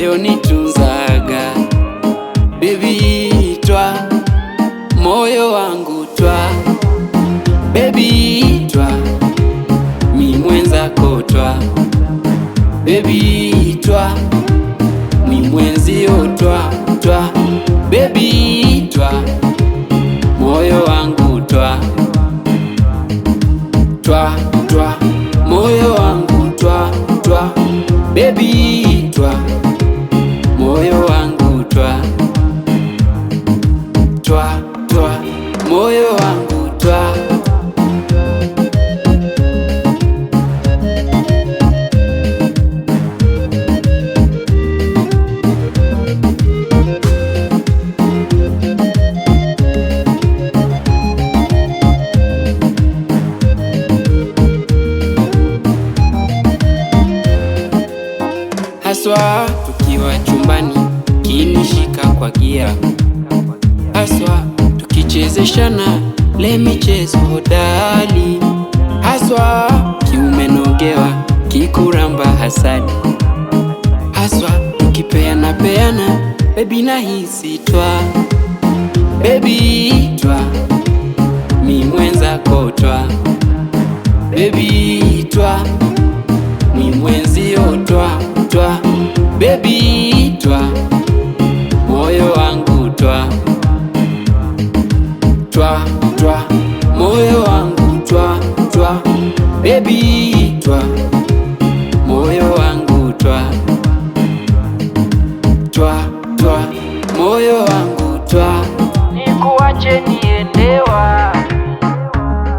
unavyonitunzaga bebi, twa moyo wangu twa bebi, twa mi mwenzako twa bebi, twa mi mwenzi twa twa bebi, twa moyo wangu twa twa twa moyo wangu twa twa bebi, twa moyo wangu twa haswa tukiwa chumbani kinishika kwa gia haswa Chezeshana le michezo hodari haswa, kiumenogewa kikuramba hasadi haswa, ukipeana peana bebi hisi twa bebi twa ni mwenza twa bebi twa ni mwenzio twa twa bebi Baby, twa moyo wangu twa twa twa moyo wangu twa, nikuache niendewa,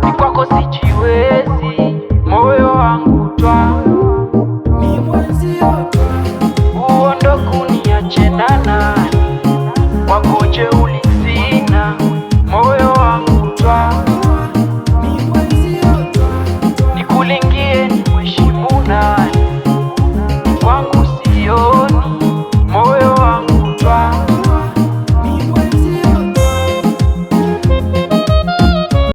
ni sijiwezi, moyo wangu twa, ni mwenzio twa, wakoje ulisina moyo